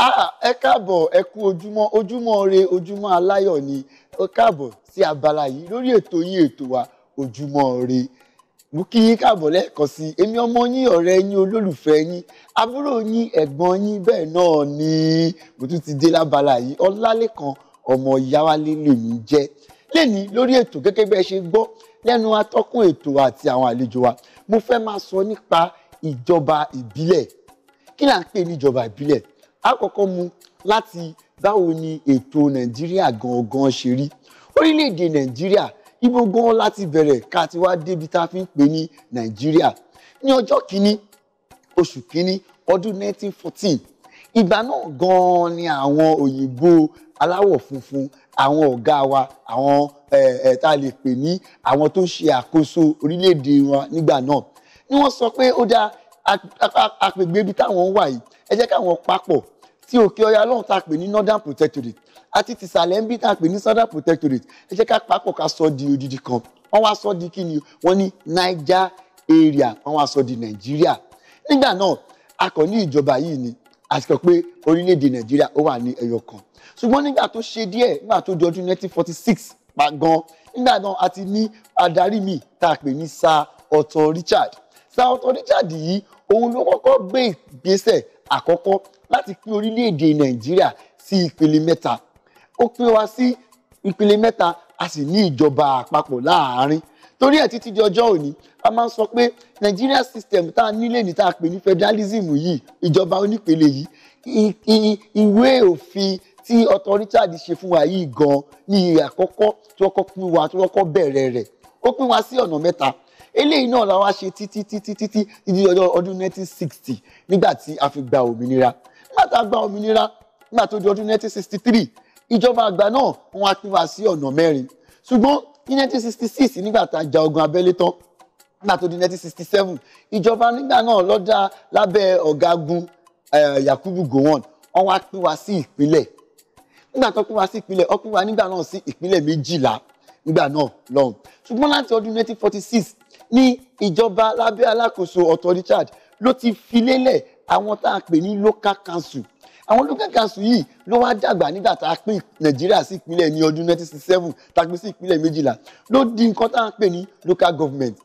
Ah, ah, ẹ káàbọ̀ ẹ kú ojúmọ́ ojúmọ́ re ojúmọ́ aláyọ̀ ni ẹ káàbọ̀ sí abala yìí lórí ètò yín ètò wa ojúmọ́ re mo kí yín káàbọ̀ lẹ́ẹ̀kan sí èmi ọmọ yín ọ̀rẹ́ yín olólùfẹ́ yín àbúrò yín ẹ̀gbọ́n yín bẹ́ẹ̀ náà ni mo tún ti dé lábala yìí ọlálẹ́kan ọmọ yáwálé lèmi jẹ́ lẹ́ni lórí ètò gẹ́gẹ́ bẹ́ẹ̀ ṣe gbọ́ lẹ́nu atọ́kùn ètò àti àwọn àlejò wa mo fẹ́ máa sọ nípa ìjọba ìbílẹ̀ kí là ń pè ní ìjọba ìbílẹ̀ á kọ́kọ́ mu láti báwo ni ètò nàìjíríà gangan ṣe rí orílẹ̀-èdè nàìjíríà ibo gan láti bẹ̀rẹ̀ ká ti wá débi tá a fi ń pè ní nàìjíríà ní ọjọ́ kìíní oṣù kìíní ọdún 1914 ìgbà náà gan-an ni àwọn òyìnbó aláwọ̀ funfun àwọn ọ̀gá wa àwọn ẹ̀ tá a lè pè ní àwọn tó ń ṣe àkóso orílẹ̀-èdè wọn nígbà náà ni wọ́n sọ pé ó dá agbègbè ibi táwọn wà yìí ẹ jẹ́ káwọn papọ̀ ti òkè ọya lọ́hùn tá a pè ní northern protectorate àti tìsàlẹ̀ ń bí tá a pè ní southern protectorate ẹ jẹ́ ká papọ̀ ká sọ di odidi kan wọ́n wá sọ di kí ni wọ́n ní niger area wọ́n wá sọ di nàìjíríà nígbà náà a kàn ní ìjọba yìí ni àsìkò pé orílẹ̀-èdè nàìjíríà ó wà ní ẹyọ kan ṣùgbọ́n nígbà tó ṣe díẹ̀ nígbà tó di ọdún 1946 pa gan nígbà náà a ti ní adarí míì tá pè ní sir Otto Richard sir Otto Richard yìí òun ló kọ́kọ́ gbé ìgbésẹ̀ àkọ́kọ́ láti pín orílẹ̀-èdè nàìjíríà sí ìpele mẹ́ta ó pín wa sí ìpele mẹ́ta a sì ní ìjọba àpapọ̀ láàárín torí ẹ̀ títí di ọjọ́ òní a máa ń sọ pé Nigeria system tá a nílé ní tá a pè ní federalism yìí ìjọba onípele yìí ìwé òfin tí ọ̀tọ̀ Richard ṣe fún wa yìí gan ní àkọ́kọ́ tí wọ́n kọ́ pín wa tí wọ́n kọ́ bẹ̀rẹ̀ rẹ̀ ó pín wa sí ọ̀nà mẹ́ta eléyìí náà la wá ṣe títí títí títí di ọdún 1960 nígbà tí a fi gba òmìnira nígbà tá a gba òmìnira nígbà tó di ọdún 1963 ìjọba àgbà náà wọ́n á pín wa sí ọ̀nà mẹ́rin ṣùgbọ́n ní 1966 nígbà tá a ja ogun abẹ́lé tán nígbà tó di 1967 ìjọba nígbà náà lọ́dà lábẹ́ ọ̀gágun Yakubu Gowon wọ́n wá pín wa sí ìpínlẹ̀ nígbà tó pín wa sí ìpínlẹ̀ ó pín wa nígbà náà sí ìpínlẹ̀ méjìlá nígbà náà lọ́hùn ṣùgbọ́n láti ọdún 1946 ní ìjọba lábẹ́ alákòóso Ọ̀tọ̀ Richard ló ti fi àwọn tá a pè ní local council àwọn local council yìí ló wá dàgbà nígbà tá a pín nàìjíríà sí ìpínlẹ̀ ní ọdún 1967 tá a pín sí ìpínlẹ̀ méjìlá ló di nǹkan tá a pè ní local government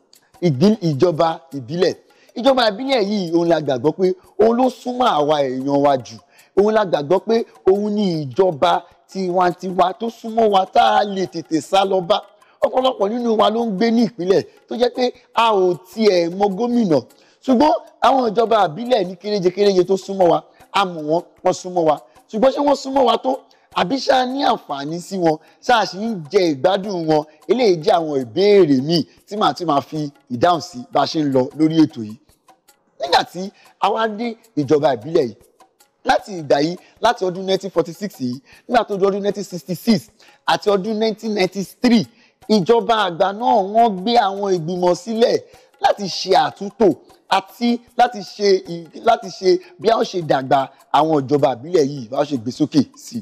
ìjọba ìbílẹ̀ ìjọba ìbílẹ̀ yìí òun la gbàgbọ́ pé òun ló súnmọ́ àwa èèyàn wa jù òun la gbàgbọ́ pé òun ni ìjọba tiwantiwa tó súnmọ́ wa tá a lè tètè sá lọ bá ọ̀pọ̀lọpọ̀ nínú wa ló ń gbé ní ìpínlẹ̀ tó jẹ́ pé a ò tiẹ̀ mọ gómìnà ṣùgbọ́n àwọn ìjọba àbílẹ̀ ní kéréje kéréje tó súnmọ́ wa a mọ̀ wọ́n wọ́n súnmọ́ wa ṣùgbọ́n ṣé wọ́n súnmọ́ wa tó àbí ṣáà ní àǹfààní sí wọn ṣáà sì ń jẹ ìgbádùn wọn eléyìí jẹ́ àwọn ìbéèrè míì tí màá ti máa fi ìdáhùn sí bá a ṣe ń lọ lórí ètò yìí nígbà tí àwa dé ìjọba ìbílẹ̀ yìí láti ìgbà yìí láti ọdún 1946 yìí nígbà tó di ọdún 1966 àti ọdún 1993 ìjọba àgbà náà wọ́n gbé àwọn ìgbìmọ̀ sílẹ̀ láti ṣe àtúntò àti láti ṣe láti ṣe bí a ṣe dàgbà àwọn ìjọba ìbílẹ̀ yìí bá ṣe gbé sókè sí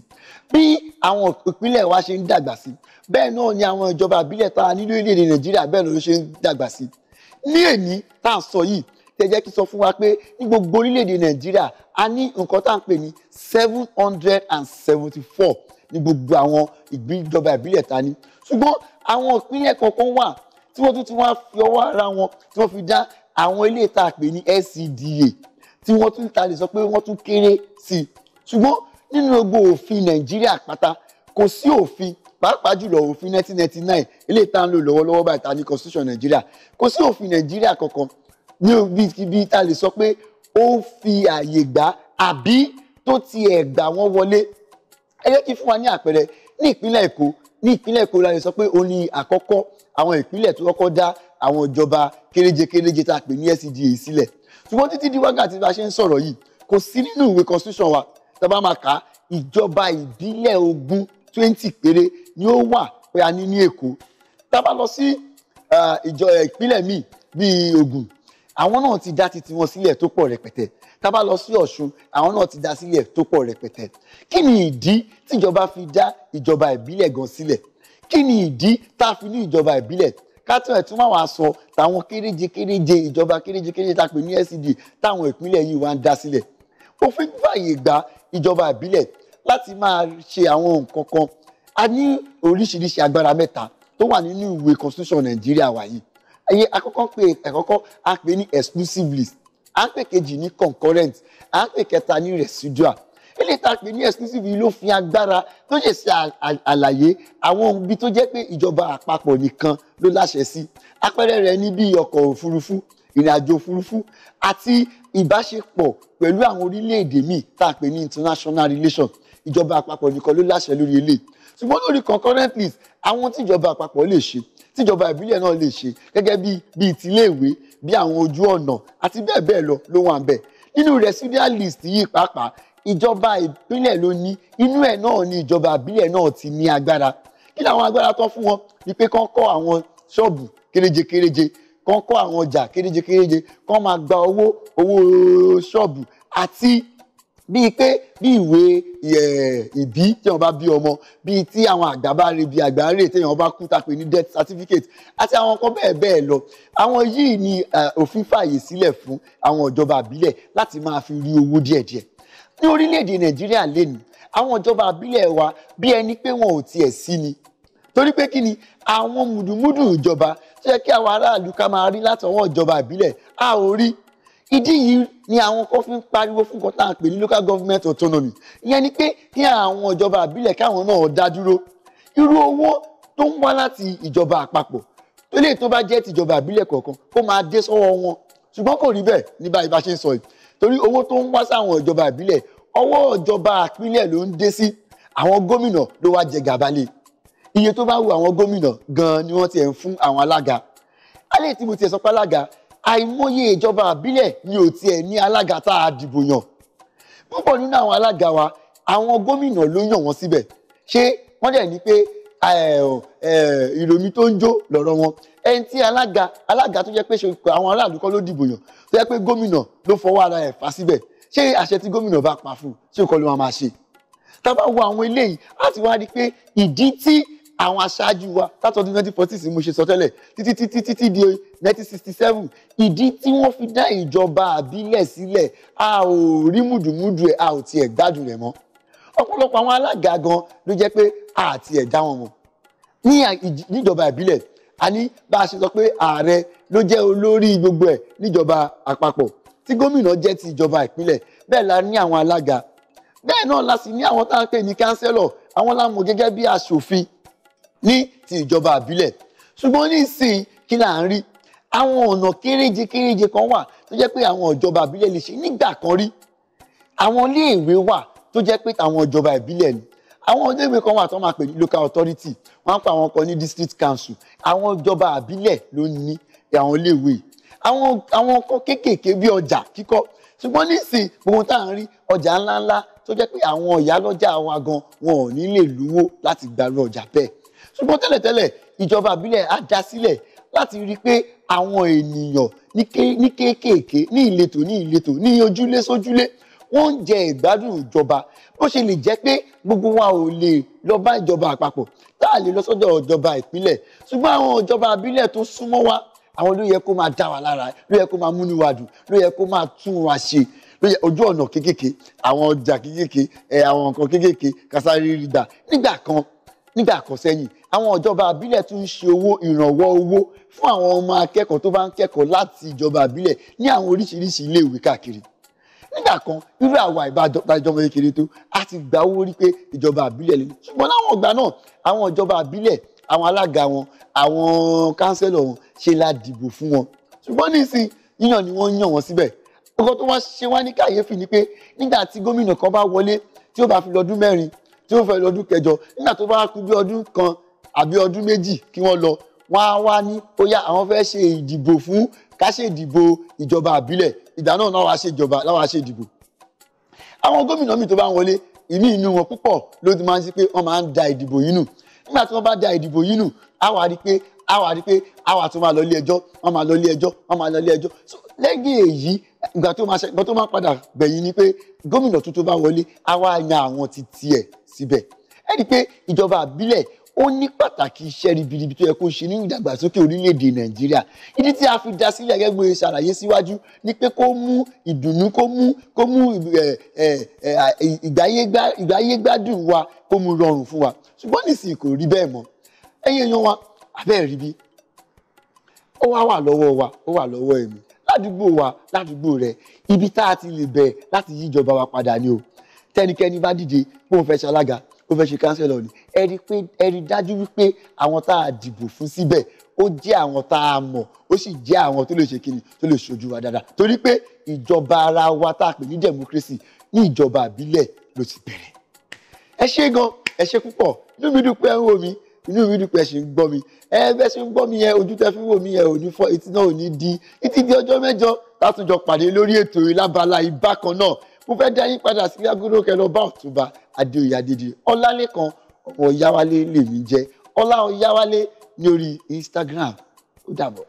bí àwọn ìpínlẹ̀ wa ṣe ń dàgbà sí bẹ́ẹ̀ náà ni àwọn ìjọba ìbílẹ̀ tá a nílò ilé-èdè Nàìjíríà bẹ́ẹ̀ ló ṣe ń dàgbà sí ní èní tá à ń sọ yìí tẹ jẹ́ kí n sọ fún wa pé ní gbogbo orílẹ̀-èdè Nàìjíríà a ní nǹkan tá à ń pè ní seven hundred and seventy-four ní gbogbo àwọn ìjọba ìbílẹ̀ ta ní ṣùgbọ́n àwọn ìpínlẹ̀ kọ̀ọ̀kan wà tí wọ́n tún ti wá fi ọwọ́ ara wọn tí wọ́n fi dá àwọn ilé ìta àpè ní SCDA tí wọ́n tún ta lè sọ pé wọ́n tún kéré sí i ṣùgbọ́n nínú gbogbo òfin Nàìjíríà pátá kò sí òfin pàápàá jùlọ òfin 1999 ilé ìta ń lò lọ́wọ́lọ́wọ́ báyìí ta ní constitution Nàìjíríà kò sí òfin Nàìjíríà kankan ní ibi ta lè sọ pé ó fi àyè gbà àbí tó tiẹ̀ gbà wọ́n wọlé ẹ jẹ́ kí fún wa ní àpẹẹrẹ ní ìpínlẹ̀ Èkó ní ìpínlẹ̀ Èkó la lè sọ pé ó ní àkọ́kọ́ àwọn ìpínlẹ̀ tó kọ́kọ́ dá àwọn ìjọba kéréje kéréje tá a pè ní SCDA sílẹ̀ ṣùgbọ́n títí di wákàtí bá ṣe ń sọ̀rọ̀ yìí kò sí nínú ìwé constitution wa tá a bá máa kà á ìjọba ìbílẹ̀ ogún twenty péré ni ó wà pé a ní ní Èkó tá a bá lọ sí ìjọ ìpínlẹ̀ míì bíi Ògùn àwọn náà ti dá titi wọn sílẹ̀ tó pọ̀ rẹpẹtẹ tá a bá lọ sí Ọ̀ṣun àwọn náà ti dá sílẹ̀ tó pọ̀ rẹpẹtẹ kí ni ìdí tíjọba fi dá ìjọba ìbílẹ̀ gan sílẹ̀ kí ni ìdí tá a fi ní ìjọba ìbílẹ̀ kátó ẹ̀ tún máa wá sọ tàwọn kéréje kéréje ìjọba kéréje kéréje tá a pè ní SCD e táwọn ìpínlẹ̀ yìí wá ń dá sílẹ̀ òfin fàyè gba ìjọba ìbílẹ̀ láti máa ṣe àwọn nǹkan kan a ní oríṣiríṣi agbára mẹ́ta tó wà nínú ìwé constitution Nàìjíríà wa yìí ẹ̀yẹ àkọ́kọ́ pé àkọ́kọ́ a pè ní exclusive list a pè kejì ní concurrent a pè kẹta ní residual eléyìí tá a pè ní exclusive yìí ló fi agbára tó ṣe ṣe àlàyé àwọn ibi tó jẹ́ pé ìjọba àpapọ̀ nìkan ló láṣẹ sí àpẹẹrẹ rẹ̀ ní bí ọkọ̀ òfurufú ìrìnàjò òfurufú àti ìbáṣepọ̀ pẹ̀lú àwọn orílẹ̀-èdè míì tá a pè ní international relation ìjọba àpapọ̀ nìkan ló láṣẹ lórí eléyìí ṣùgbọ́n lórí concurrent list àwọn tíjọba àpapọ̀ lè ṣe tíjọba ìbílẹ̀ náà lè ṣe gẹ́gẹ́ bí bíi tiléèwé bí àwọn ojú ọ̀nà àti bẹ́ẹ̀ bẹ́ẹ̀ lọ ló wà ń bẹ̀ nínú residual list yìí pàápàá ìjọba ìpínlẹ̀ ló ní inú ẹ̀ náà ni ìjọba ìbílẹ̀ náà ti ní agbára kí làwọn agbára tó fún wọn ni pé kán kọ́ àwọn ṣọ́ọ̀bù kéréje kéréje kán kọ́ àwọn ọjà kéréje kéréje kán máa gba owó owó ṣọ́ọ̀bù àti bíi pé bí ìwé ìbí téèyàn bá bí ọmọ bíi tí àwọn àgbà bá rí bí àgbà rè téèyàn bá kú tapè ní death certificate àti àwọn nǹkan bẹ́ẹ̀ bẹ́ẹ̀ lọ àwọn yìí ni òfin fààyè sílẹ̀ fún àwọn ìjọba àbílẹ̀ láti máa fi rí owó díẹ̀díẹ̀ ní orílẹ̀-èdè nàìjíríà lẹ́nu àwọn ìjọba àbílẹ̀ wa bí ẹni pé wọn ò tiẹ̀ sí ni torí pé kí ni àwọn mùdùmùdù ìjọba tó yẹ kí àwọn aráàlú ká máa rí látọwọ́ ìjọba àbílẹ̀ a ò rí ìdí yìí ni àwọn kan fi ń pariwo fún kan tá à ń pè ní local government autonomy ìyẹn ni pé kí àwọn ìjọba àbílẹ̀ káwọn náà dá dúró irú owó tó ń wá láti ìjọba àpapọ̀ tó lè tó bá jẹ́ tìjọba àbílẹ̀ kọ̀ọ̀kan kó máa dé sọ́wọ́ wọn ṣùgbọ́n kò rí bẹ́ẹ̀ ní báyìí bá ṣe ń sọ yìí torí owó tó ń wá sáwọn ìjọba ìbílẹ̀ ọwọ́ ìjọba àpínlẹ̀ ló ń dé sí àwọn gómìnà ló wá jẹ gàbálẹ̀ iye tó bá wù àwọn gómìnà gan-an ni wọ́n ti ẹ̀ ń fún àwọn alága alẹ́ tí mo ti ẹ̀ sọ pé alága àìmọye ìjọba àbílẹ̀ ni ò tiẹ̀ ní alága tá a dìbò yàn púpọ̀ nínú àwọn alága wa àwọn gómìnà ló yàn wọ́n síbẹ̀ ṣé wọ́n dẹ̀ ní pé ìròmí tó ń jó lọ́rọ̀ wọn ẹni tí alága alága tó jẹ́ pé àwọn aráàlú kọ́ ló dìbò yàn tó jẹ́ pé gómìnà ló fọwọ́ ara ẹ̀ fà síbẹ̀ ṣé àṣẹ tí gómìnà bá pa fún un ṣé kọ́ ló máa máa ṣe tábà wo àwọn eléyìí láti wá rí i pé ìdí tí àwọn aṣáájú wa látọdún 1946 mo ṣe sọ tẹ́lẹ̀ títí títí títí di 1967 ìdí tí wọ́n fi dá ìjọba àbílẹ̀ sílẹ̀ a ò rí mùdùmùdù ẹ̀ a ò tiẹ̀ gbádùn rẹ̀ mọ́ ọ̀pọ̀lọpọ̀ àwọn alága gan ló jẹ́ pé àti ẹ̀dá wọn mọ̀ ní ìjọba ìbílẹ̀ a ní bá a ṣe sọ pé ààrẹ ló jẹ́ olórí gbogbo ẹ̀ níjọba àpapọ̀ tí gómìnà jẹ́ ti ìjọba ìpínlẹ̀ bẹ́ẹ̀ la ní àwọn alága bẹ́ẹ̀ náà la sì ní àwọn tá à ń pè ní kánsẹ́lọ̀ àwọn la mọ̀ gẹ́gẹ́ bí aṣòfin ní ti ìjọba ìbílẹ̀ ṣùgbọ́n ní ìsìn kí là ń rí àwọn ọ̀nà kéréje kéréje kan wà tó jẹ́ pé àwọn ìjọba ìbílẹ̀ lè ṣe nígbà kan rí àwọn iléèwé wà tó jẹ́ pé àwọn ìjọba ìbílẹ̀ ni àwọn ọdẹ́gbẹ́ kan wà tó máa pè ní local authority wọ́n á pa àwọn kan ní district council àwọn ìjọba ìbílẹ̀ ló ní àwọn iléèwé àwọn àwọn ọkọ kéékèèké bí ọjà kíkọ ṣùgbọ́n nísìn gbogbo tá à ń rí ọjà ńláńlá tó jẹ́ pé àwọn ìyálọ́jà wa gan wọn ò ní lè lówó láti gbàrú ọjà bẹ́ẹ̀ ṣùgbọ́n tẹ́lẹ̀tẹ́lẹ̀ ìjọba ìbílẹ̀ á dá sílẹ̀ láti rí i pé àwọn ènìyàn ní kéékèèké ní ìletò ní ìletò ní ojúlé sójúlé wọ́n ń jẹ ìgbádùn ìjọba bó ṣe lè jẹ́ pé gbogbo wa ò lè lọ bá ìjọba àpapọ̀ tá a lè lọ sọ́dọ̀ ìjọba ìpínlẹ̀ ṣùgbọ́n àwọn ìjọba àbílẹ̀ tó súnmọ́ wa àwọn ló yẹ kó máa dá wa lára ló yẹ kó máa múnú wa dùn ló yẹ kó máa tún wa ṣe ojú ọ̀nà kéékèèké àwọn ọjà kéékèèké ẹ̀ àwọn nǹkan kéékèèké kásáré rí gbà nígbà kan nígbà kan sẹ́yìn àwọn ìjọba àbílẹ̀ tún ń ṣe owó ìrànwọ́ owó fún àwọn ọmọ akẹ́kọ̀ọ́ tó bá ń kẹ́kọ̀ọ́ láti ìjọba àbílẹ̀ ní àwọn oríṣiríṣi iléèwé káàkiri nígbà kan irú àwa ìbájọmọ kékeré tó a ti gbà owó rí pé ìjọba àbílẹ̀ lè ṣùgbọ́n láwọn ìgbà náà àwọn ìjọba àbílẹ̀ àwọn alága wọn àwọn kánsẹ́lọ̀ wọn ṣe la dìbò fún wọn ṣùgbọ́n nísìn yíyàn ni wọ́n yàn wọ́n síbẹ̀ ọkọ tó wá ṣe wá ní kàyéfì ni pé nígbà tí gómìnà kan bá wọlé tí ó bá fi lọ́dún mẹ́rin tí ó fẹ́ lọ́dún kẹjọ nígbà tó bá kú bí ọdún kan àbí ọdún méjì kí wọ́n lọ wọ́n á wá ní ó yá àwọn fẹ́ ṣe ìdìbò fún ká ṣe ìdìbò ìjọba àbílẹ̀ ìgbà náà náà wàá ṣe ìjọba láwàá ṣe ìdìbò àwọn gómìnà míì tó bá ń wọlé ìmí inú wọn púpọ̀ ló ti máa ń sí pé wọ́n máa ń da ìdìbò yìí nù nígbà tí wọ́n bá da ìdìbò yìí nù á rí pé á rí pé á tó máa lọ ilé ẹjọ́ wọ́n máa lọ ilé ẹjọ́ wọ́n máa lọ ilé ẹjọ́ so lẹ́yìn èyí ìgbà tó máa ṣe ìgbà tó máa padà gbẹ̀yìn ni pé gómìnà tuntun bá wọlé á wá yan àwọn ti tiẹ̀ síbẹ̀ ẹ rí pé ìjọba àbílẹ̀ ó ní pàtàkì iṣẹ́ ribiribi tó yẹ kó ṣe ní ìdàgbàsókè orílẹ̀-èdè nàìjíríà ìdí tí a fi dá sílẹ̀ gẹ́gẹ́ bí ṣàlàyé síwájú ni pé kó mú ìdùnnú kó mú kó mú ìgbáyégbádùn wa kó mú rọrùn fún wa ṣùgbọ́n nísìnyí kò rí bẹ́ẹ̀ mọ́ ẹ̀yin èèyàn wa àbẹ́ẹ̀ rí bí ó wá wà lọ́wọ́ wa ó wà lọ́wọ́ ẹ̀mí ládùúgbò wa ládùúgbò rẹ ibi tá a ti lè bẹ̀ẹ̀ láti yíjọba wa padà ni o tẹnikẹ́ni bá dìde bóun fẹ́ ṣalága ó fẹ́ ṣe kánsẹ́lọ̀ ni ẹ rí pé ẹ rí dájú wípé àwọn tá a dìbò fún síbẹ̀ ó jẹ́ àwọn tá a mọ̀ ó sì jẹ́ àwọn tó lè ṣe kíni tó lè ṣojú wa dáadáa torí pé ìjọba ara wa tá a pè ní democracy ní ìjọba àbílẹ̀ ló ti bẹ̀rẹ̀ ẹ ṣé gan ẹ ṣé púpọ̀ inú mi dùn pé ẹ ń wò mí inú mi dùn pé ẹ ṣì ń gbọ́ mi ẹ bẹ́ẹ̀ ṣe ń gbọ́ mi yẹn ojú tẹ fi wò mí yẹn ò ní fọ́ etí náà ò ní di títí di ọjọ́ mẹ́jọ látúnjọ pàdé lórí ètò ìlábala ìbákan náà mo fẹ́ dá yín padà sí lágúnrò kẹlọ bá ọ̀túnba adéoyè adédi ọlálẹ́kan ọmọ yáwálé lèmi jẹ́ ọlá ọyáwálé ní orí instagram ó dàbọ̀.